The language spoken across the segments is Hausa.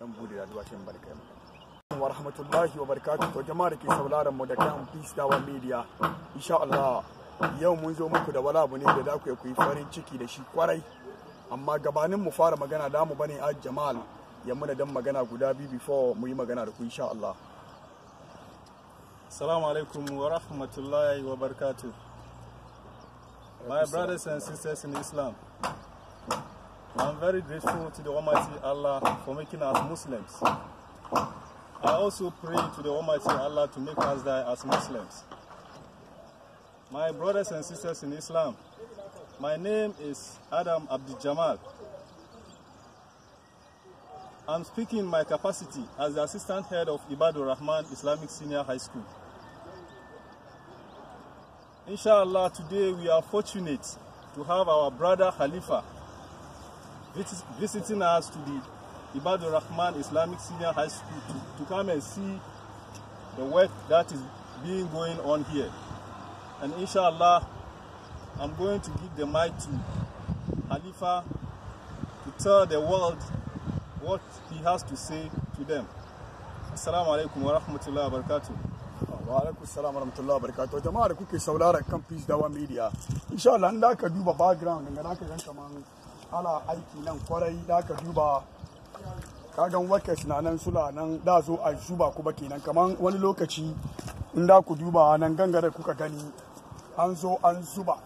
dan bude da zuwa shin barkai wa rahmatullahi wa barakatuh to jama'a da ke sauraron mu da kan Peace Dawa Media insha Allah yau mun zo muku da wala ne da za ku yi farin ciki da shi kwarai amma gabanin mu fara magana da mu bane a Jamal ya muna dan magana guda biyu before mu yi magana da ku insha Allah Assalamu alaikum wa rahmatullahi wa barakatuh My brothers and sisters in Islam I'm very grateful to the Almighty Allah for making us Muslims. I also pray to the Almighty Allah to make us die as Muslims. My brothers and sisters in Islam, my name is Adam Abdi Jamal. I'm speaking in my capacity as the assistant head of Ibadur Rahman Islamic Senior High School. Inshallah, today we are fortunate to have our brother Khalifa visit, visiting us to the Ibadur Rahman Islamic Senior High School to, to come and see the work that is being going on here. And inshallah, I'm going to give the mic to Khalifa to tell the world what he has to say to them. Assalamu alaikum wa rahmatullahi wa barakatuh. alaikum warahmatullahi wabarakatuh jama'a da kuke saurara kan peace dawa media insha Allah in da ka duba background da ka gan kaman ana aiki nan kwarai da ka duba kagan workers na nan sula nan da zo a zuba kuma kenan kamar wani lokaci in da ku duba nan gangare kuka gani an zo an zuba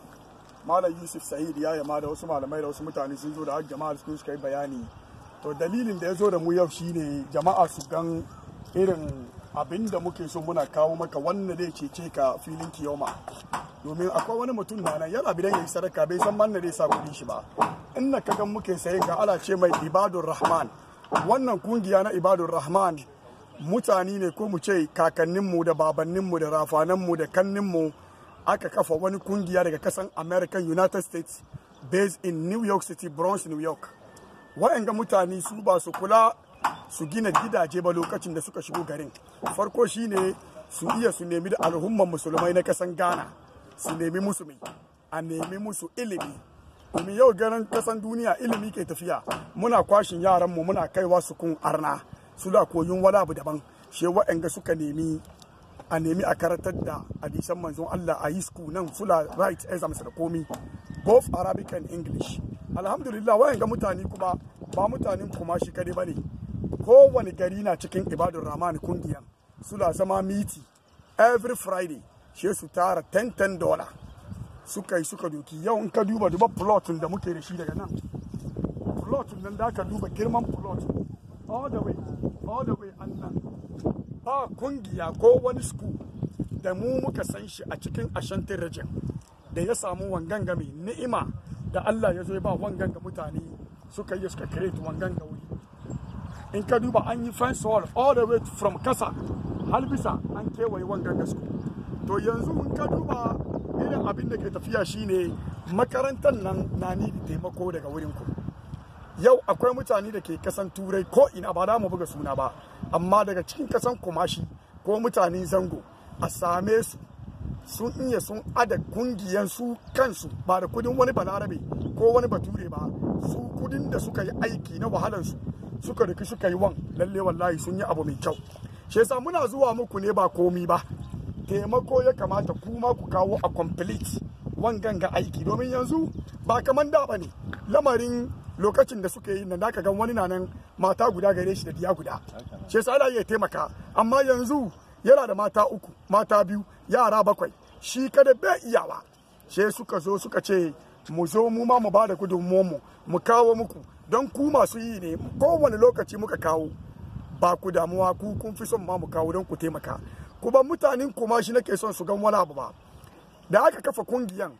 malam yusuf sa'id ya yama da wasu malamai da wasu mutane sun zo da har jama'a su suka yi bayani to dalilin da ya zo da mu yau shine jama'a su gan irin abin da muke so muna kawo maka wannan zai cece ka filin kiyoma domin akwai wani mutum na nan yana bidan ya yi sadaka bai san man da zai sa kuɗi shi ba inna ka gan muke sayin ga ala ce mai ibadun rahman wannan kungiya na ibadun rahman mutane ne ko mu ce kakanninmu da babanninmu da rafanan mu da kannin mu aka kafa wani kungiya daga kasan american united states based in new york city bronx new york wa'anga mutane su ba su kula su gina gidaje ba lokacin da suka shigo garin farko shine su iya su nemi da alhumman musulmai na kasan ghana su nemi musulmi a nemi musu ilimi domin yau ganin kasan duniya ilimi ke tafiya muna kwashin mu muna kaiwa su kun arna su da koyin wani abu daban she wa'anga suka nemi a nemi a karatar da hadisan manzon Allah a yisku nan fula right exams da komi both arabic and english alhamdulillah wa'anga mutane kuma ba mutanen kuma shi kadai bane kowane gari na cikin ibadun rahman kungiyan suna zama miti every friday she su tara 10 10 dollar suka yi suka doki yau in ka duba duba plotun da muke da shi daga nan plotun nan da ka duba girman plot all the way all the way an nan ba kungiya ko wani sku da mu muka san shi a cikin ashantin rajin da ya samu wanganga mai ni'ima da Allah ya zo ba wanganga mutane suka yi suka create wanganga wuri in ka duba an yi fence wall all the way from kasa har bisa an kewaye wanganga su to yanzu in ka duba irin abin da ke tafiya shine makarantar nan na ni taimako daga wurin ku yau akwai mutane da ke kasan turai ko ina ba da mu buga suna ba amma daga cikin kasan kumashi ko mutane zango a same su sun iya sun ada kungiyan su kansu ba da kudin wani balarabe ko wani bature ba su kudin da suka yi aiki na wahalansu suka riki suka yi wan lalle wallahi sun yi abu mai kyau shi yasa muna zuwa muku ne ba komi ba taimako ya kamata kuma ku kawo a complete wangan ga aiki domin yanzu ba kaman da ne lamarin lokacin da suka yi nan da ga wani na nan mata guda gare shi da diya guda shi yasa Allah ya taimaka amma yanzu yana da mata uku mata biyu yara bakwai shi kada bai iyawa she suka zo suka ce mu zo mu ma mu bada gudunmuwanmu mu kawo muku don ku masu yi ne kowane lokaci muka kawo ba ku damuwa ku kun fi son ma mu kawo don ku taimaka kuma mutanen kuma shi nake son su gan wani abu ba da aka kafa kungiyan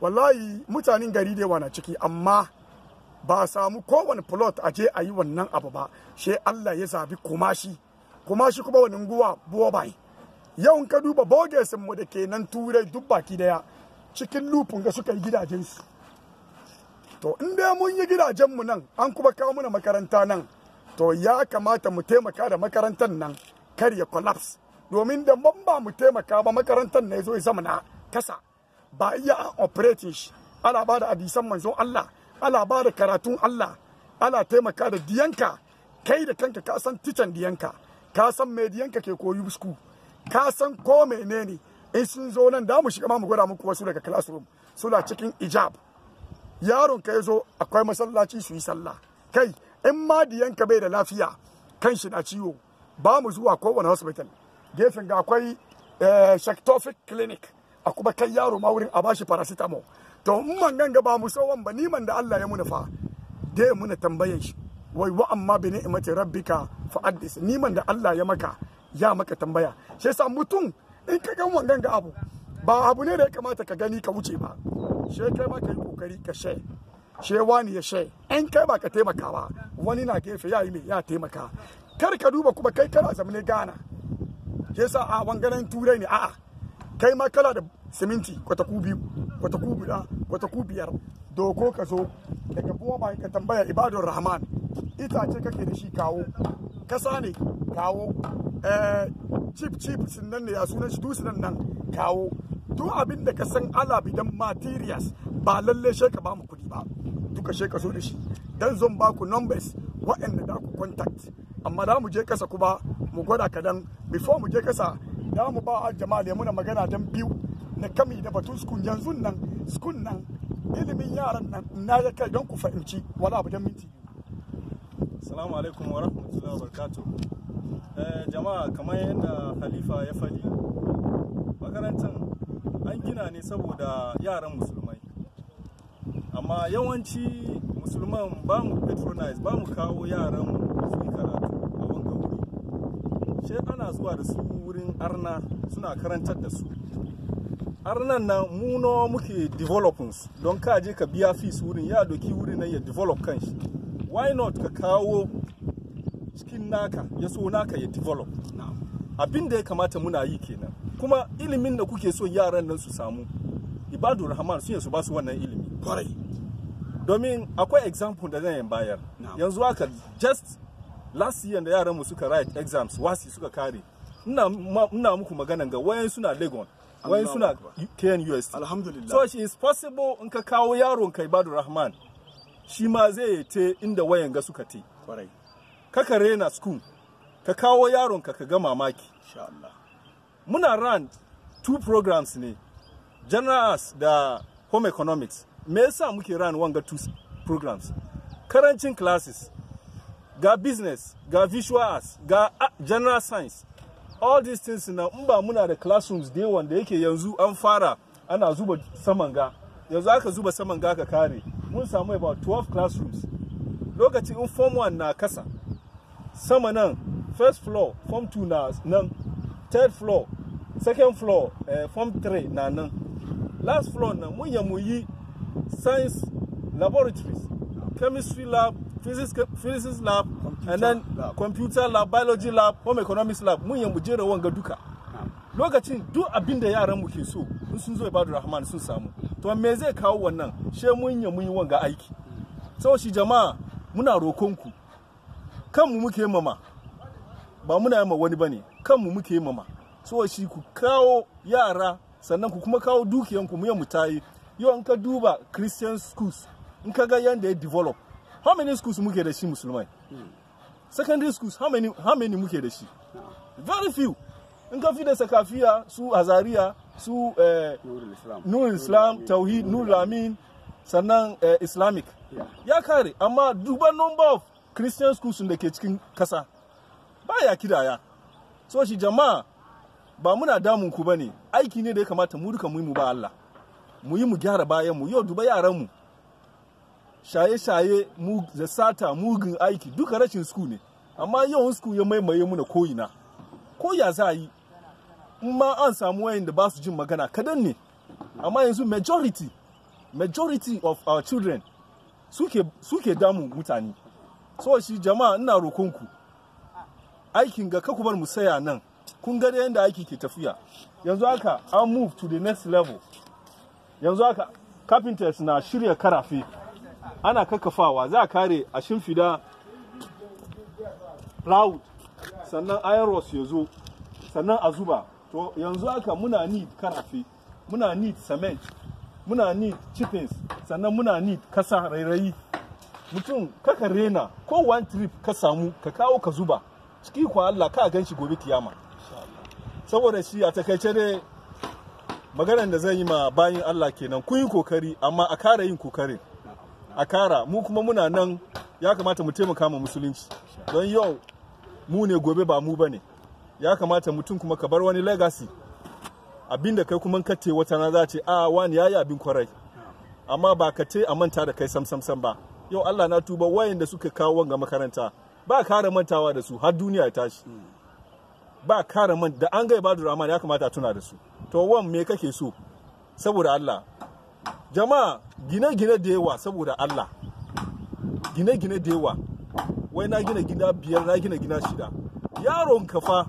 wallahi mutanen gari da na ciki amma ba a samu kowane plot a je a yi wannan abu ba shi Allah ya zabi kumashi kumashi kuma wani guwa buwa bai yau ka duba bogesin mu da ke nan turai duk baki daya cikin lupin ga suka yi gidajensu to in dai mun yi gidajenmu nan an kuma kawo mana makaranta nan to ya kamata mu taimaka da makarantar nan kar ya collapse domin da ban ba mu taimaka ba makarantar na zo zama na kasa ba iya operating shi ana ba da hadisan manzon Allah ala ba da karatun Allah ala taimaka da diyanka kai da kanka ka san ticen diyanka ka san me diyanka ke koyi school ka san ko menene in sun zo nan da mu shiga ma mu gwada muku wasu daga classroom suna cikin ijab yaron ka zo akwai masallaci su yi sallah kai in ma diyanka bai da lafiya kan shi na ciwo ba mu zuwa kowane hospital gefen ga akwai eh, shectophic clinic a kuma kai yaro ma wurin a bashi paracetamol to in man ganga ba mu sawan ba man da Allah ya muna fa da ya muna tambayan shi wai wa amma bi ni'mati rabbika fa addis man da Allah ya maka ya maka tambaya shi yasa mutum in ka gan wannan ga abu ba abu ne da ya kamata ka gani ka wuce ba she kai ma kai kokari ka she she wani ya she in kai ba ka taimaka ba wani na gefe ya yi me ya taimaka kar ka duba kuma kai kana zamne gana. ke sa a bangaren turai ne a'a kai ma kala da siminti kwataku biyu kwataku biyu kwataku biyar doko ka zo daga kuma ba ka tambaya ibadun rahman ce kake da shi kawo kasa ne kawo eh, chip chip sun nan ne ya sunan shi dusunan nan kawo duk abin da ka san bi dan materials ba lalle she ka ba mu kuɗi ba duka she ka so da shi dan zan ba ku numbers waɗanda da ku contact amma da mu je kasa ba, mu gwada ka dan before mu je kasa da mu ba jama'a ya muna magana dan biyu na kami da batun sukun yanzu nan sukun nan ilimin yaran nan na ya kai don ku fahimci wala abu dan minti assalamu alaikum wa rahmatullahi wa barakatuh eh, jama'a kamar yadda khalifa ya faɗi makarantar an gina ne saboda yaran musulmai amma yawanci musulman ba mu patronize ba mu kawo yaran mu. sai ana zuwa da su wurin arna suna karantar da su arnan nan mu nawa muke developings don ka je ka biya fees wurin ya doki wurin nan ya develop kan shi why not ka kawo cikin naka ya so naka ya develop abin da ya kamata muna yi kenan kuma ilimin da kuke so yaran nan su samu ibadu rahman sun su ba su wannan ilimi kwarai domin akwai example da zan bayar yanzu haka just last year da yaran mu suka write exams wasi suka kare ina ina muku magana ga wayan suna Legon wayan suna knus alhamdulillah so she is possible in ka kawo yaron ka badu Rahman shi ma zai te inda wayan ga suka te kwarai kaka rena school ka kawo yaron ka ka ga mamaki insha Allah muna ran two programs ne arts da home economics me yasa muke ran wanga two programs karancin classes ga business ga visual arts ga ah, general science all these things na in ba muna da classrooms da one da yake yanzu an fara ana zuba saman ga yanzu aka zuba saman ga ka kare mun samu about 12 classrooms lokaci in form 1 na kasa sama nan first floor form 2 na nan third floor second floor eh, form 3 na nan last floor na mun yamu yi science laboratories chemistry lab physics, physics lab computer and then lab. computer lab biology lab home economics lab mun yamu jera wanga duka lokacin duk abin da yaran mu ke so in sun zo ibadu rahman sun samu to me zai kawo wannan she mun mun yi wanga aiki sau shi jama'a muna rokonku mu muke mama ba muna yama wani bane kanmu muke mama so shi ku kawo yara sannan ku kuma kawo dukiyanku mu yamu tayi yau in ka duba christian schools in ka ga yanda ya develop how many schools muke da shi musulmai secondary schools how many how many muke da shi very few in ka fi da sakafiya su azariya su eh, nur islam tauhid nur amin sannan eh, islamic ya kare amma duba number of christian schools da ke cikin kasa ba ya kidaya so shi jama'a ba muna damun ku bane aiki ne da ya kamata mu duka mu yi mu ba Allah mu yi mu gyara bayan mu yau duba yaran mu shaye-shaye da sata mugun aiki duka rashin suku ne amma yawan suku ya maimaye muna koyina ko ya za a yi in ma an samu wayan da ba su jin magana kadan ne amma yanzu majority majority of our children suke, damun mutane so shi jama'a ina rokonku aikin ga kaku bar mu saya nan kun ga yadda aiki ke tafiya yanzu haka an move to the next level yanzu haka carpenters na shirya karafe ana kakkafawa za a kare a shimfida plow sannan iron ya zo sannan a zuba to yanzu aka muna need karafe muna need cement muna need chippings sannan muna need kasa rairayi mutum kaka rena ko one trip ka samu ka kawo ka zuba ciki kwa Allah ka gan shi gobe kiyama saboda shi a takaice ne maganar da zan yi ma bayin Allah kenan kun yi kokari amma a kara yin kokarin a kara mu kuma muna nan ya kamata mu taimaka ma musulunci don yau mu ne gobe ba mu bane ya kamata mutum kuma ka bar wani legacy abinda kai kuma ka te wata na za ce a wani yayi abin kwarai amma ba ka te a manta da kai sam sam sam ba yau Allah na tuba wayan wayanda suka kawo wanga makaranta ba kara mantawa da su har duniya ya tashi ba kare man da an ga ibadu rahman ya kamata tuna da su to wan me kake so saboda Allah jama'a gine-gine da yawa saboda Allah gine-gine da yawa wai na gina gida biyar na gina gina shida yaron ka fa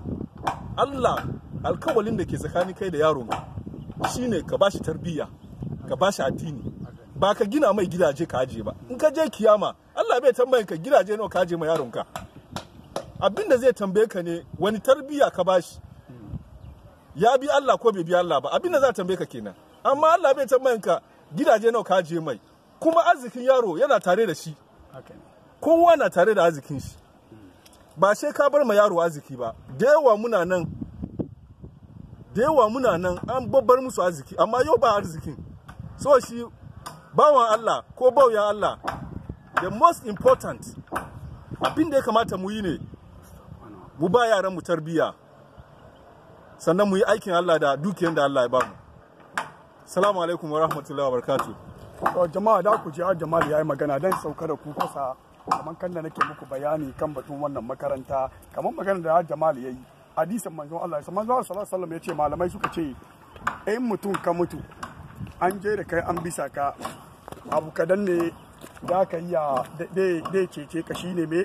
Allah alkawalin da ke tsakani kai da yaron ka shine ka bashi tarbiyya ka bashi addini ba ka gina mai gidaje ka aje ba in ka je kiyama Allah bai tambayin ka gidaje nawa ka aje ma yaron ka abin da zai tambaye ka ne wani tarbiyya ka bashi ya bi Allah ko bai bi Allah ba abin da za tambaye ka kenan amma Allah bai tambayin ka gidaje nawa ka je mai kuma arzikin yaro yana tare da shi kowa na tare da arzikin shi ba sai ka bar ma yaro arziki ba da yawa muna nan da yawa muna nan an babbar musu arziki amma yau ba arzikin so shi bawan Allah ko bauya Allah the most important abin da ya kamata mu yi ne mu ba yaran mu tarbiyya, sannan mu yi aikin Allah da dukiyar da Allah ya ba mu Salamu alaikum wa rahmatullahi wa barkatu Jama'a da ku ji a Jamal ya yi magana dan sauka da ku kusa kamar kan da nake muku bayani kan batun wannan makaranta kamar magana da jama'a ya yi hadisin manzon Allah ya manzon Allah sallallahu alaihi ya ce malamai suka ce in mutum ka mutu an je da kai an bisa ka abu kadan ne za ka yi dai cece ka shine me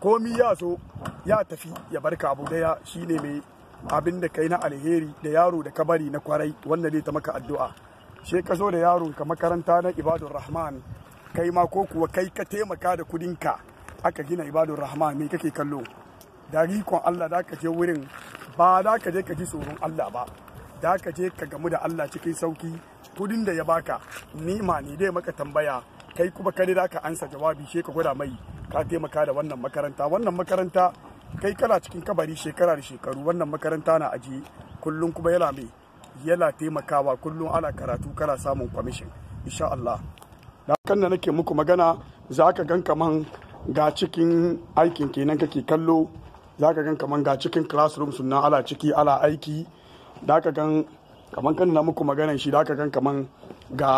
komi ya so ya tafi ya barka abu daya shine me abin da kai na alheri da yaro da ka bari na kwarai wanda zai ta maka addu'a she ka zo da yaron ka makaranta na ibadur rahman kai ma ko kuwa kai ka taimaka da kudinka aka gina ibadur rahman me kake kallo da rikon Allah da ka je wurin ba da ka je ka ji tsoron Allah ba da ka je ka gamu da Allah cikin sauki kudin da ya baka nima ne dai maka tambaya kai kuma kare da ka ansa jawabi she ka gwada mai ka taimaka da wannan makaranta wannan makaranta kai kana cikin kabari shekara da shekaru wannan makaranta na aji kullum kuma yana mai yana taimakawa kullum ana karatu kana samun kwamishin insha Allah da kan da nake muku magana za ka gan kaman ga cikin aikin kenan kake kallo za ka gan kaman ga cikin classroom sunan ala ciki ala aiki da ka gan kaman kan na muku magana shi da ka gan kaman ga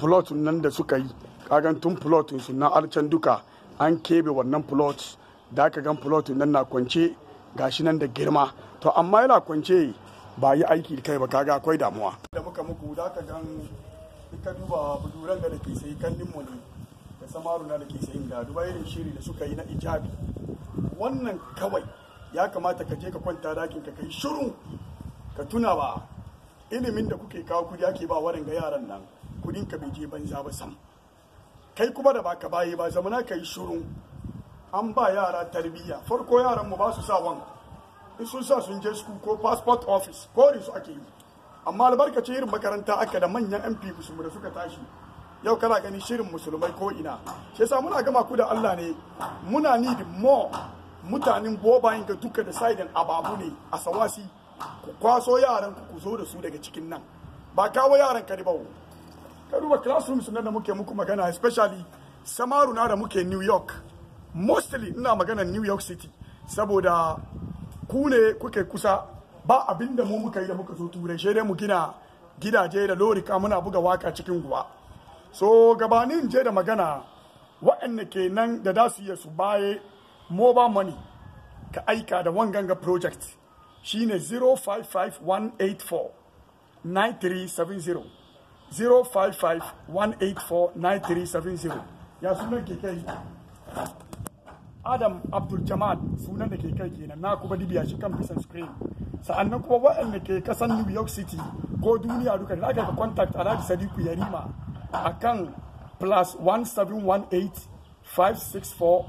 plot nan da suka yi ka gan tun plot sunan alcan duka an kebe wannan plot da ka gan plot nan na kwance ga shi nan da girma to amma yana kwance ba yi aiki kai ba kaga akwai damuwa da muka muku da ka gan ka duba buduran da ke sai kallin mu ne da samaru na da ke sai da duba irin shiri da suka yi na ijabi wannan kawai ya kamata ka je ka kwanta dakin ka kai shiru ka tuna ba ilimin da kuke kawo kudi ake ba warin ga yaran nan kudin ka bai je banza ba sam kai kuma da baka baye ba zamana ka yi shiru an ba yara tarbiyya farko yaran mu ba su sa wan in sun sa sun je school ko passport office ko su ake yi amma albarkacin irin makaranta aka da manyan MP mu da suka tashi yau kana gani shirin musulmai ko ina shi yasa muna gama ku da Allah ne muna need more mutanen bobayin ga duka da saidan ababu ne a sawasi ku kwaso yaran ku zo da su daga cikin nan ba kawo yaran ka ribawo ka duba classrooms nan da muke muku magana especially samaruna da muke New York mostly ina magana new york city saboda ku ne kuke kusa ba abin da mu muka yi da muka zo turai shi dai mu gina gidaje da lorika muna buga waka cikin guwa so gabanin je da magana waɗanda ke nan da da su iya su baye mobile money ka aika da wanganga project shine 055184 9370 055184 9370 ya sunan keke adam abdul jamal sunan da ke kai kenan na kuma dibiya shi kan bisan spain sa'annan kuma waɗanda ke kasan new york city ko duniya duka da aka contact alhaji sadiku yarima akan kan plus 1718 564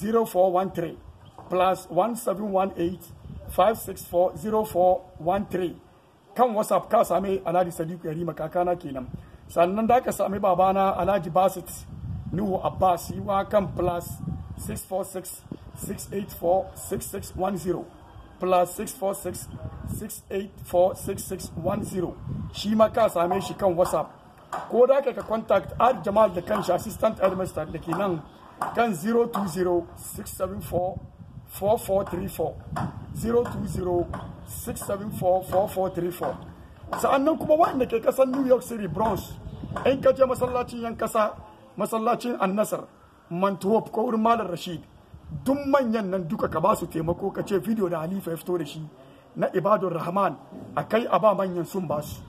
0413 plus 1718 kan whatsapp ka same alhaji sadiku yarima kakana kenan sannan da aka same babana alhaji basit nuhu abbas yi wa kan plus 646 684 6610 plus 646 684 6610 shi ma ka same shi kan whatsapp ko da ka contact ad jamal da kanshi assistant headmaster da ke nan kan 020 4434 020 674 4434 sa'annan kuma waɗanda ke kasar new york city bronx in ka je masallacin yan kasa masallacin annasar mantuwaf ko wurin malam rashid duk manyan nan duka ka ba su taimako ka ce video da halifa ya fito da shi na ibadun rahman a kai a ba manyan sun ba su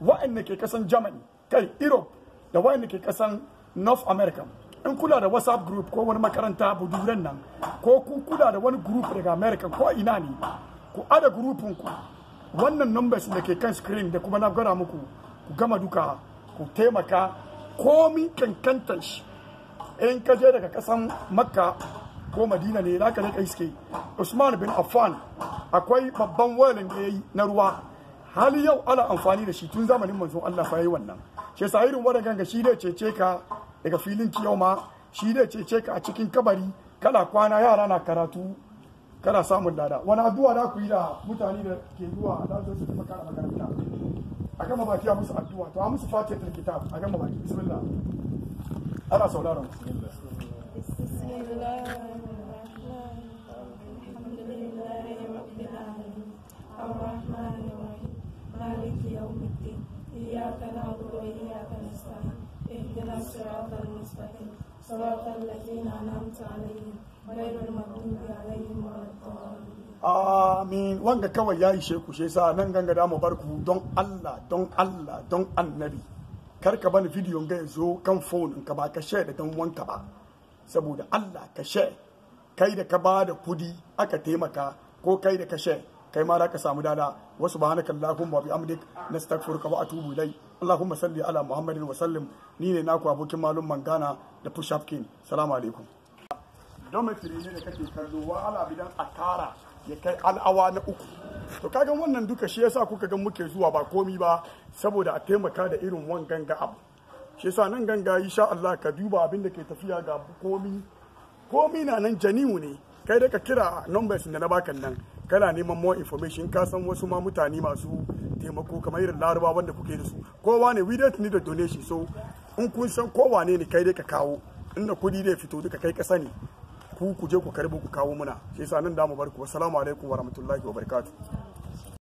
wa'anda ke kasan germany kai europe da wa'anda ke kasan north america in kula da whatsapp group ko wani makaranta buduran nan ko ku kula da wani group daga america ko ina ne ku ada grupin ku wannan numbers da ke kan screen da kuma na gara muku ku gama duka ku taimaka komi kankantar shi in ka je daga kasan makka ko madina ne zaka je ka suke usman bin affan akwai babban wayalin da yayi na ruwa har yau ana amfani da shi tun zamanin manzo Allah fa yayi wannan she yasa wannan ganga shi ne cece ka daga filin ma shi ne cece ka a cikin kabari kana kwana yara na karatu kana samun lada wani addu'a da ku yi da mutane da ke zuwa da su kuma a makaranta a gama baki a musu addu'a to a musu fatihatul kitab a gama baki bismillah 알아서 Amin. kawai ya ishe kushe sa nan ganga da barku don Allah, don Allah, don annabi. kar ka bani bidiyon ga zo kan phone ka ba ka share da dan wanka ba saboda Allah ka share kai da ka ba da kudi aka taimaka ko kai da ka share kai ma za ka samu dada wa subhanakallahu wa bihamdik nastaghfiruka wa atubu ilai allahumma salli ala muhammadin wa sallim ni ne naku abokin malum mangana da push up king assalamu alaikum ne kake kallo wa ala bidan akara ya kai al'awa na uku to kagan wannan duka shi yasa kuka ga muke zuwa ba komi ba saboda a taimaka da irin wanganga ganga abu shi yasa nan ganga insha Allah ka duba abin da ke tafiya ga komi komi na nan janiu ne kai da ka kira numbers da na baka nan kana neman more information ka san wasu ma mutane masu taimako kamar irin laruba wanda kuke da su kowa ne we don't need a donation so in kun san kowa ne ne kai dai ka kawo inda kudi zai fito duka kai ka sani ku ku je ku karbi ku kawo muna shi yasa nan da mu bar ku assalamu alaikum warahmatullahi wabarakatuh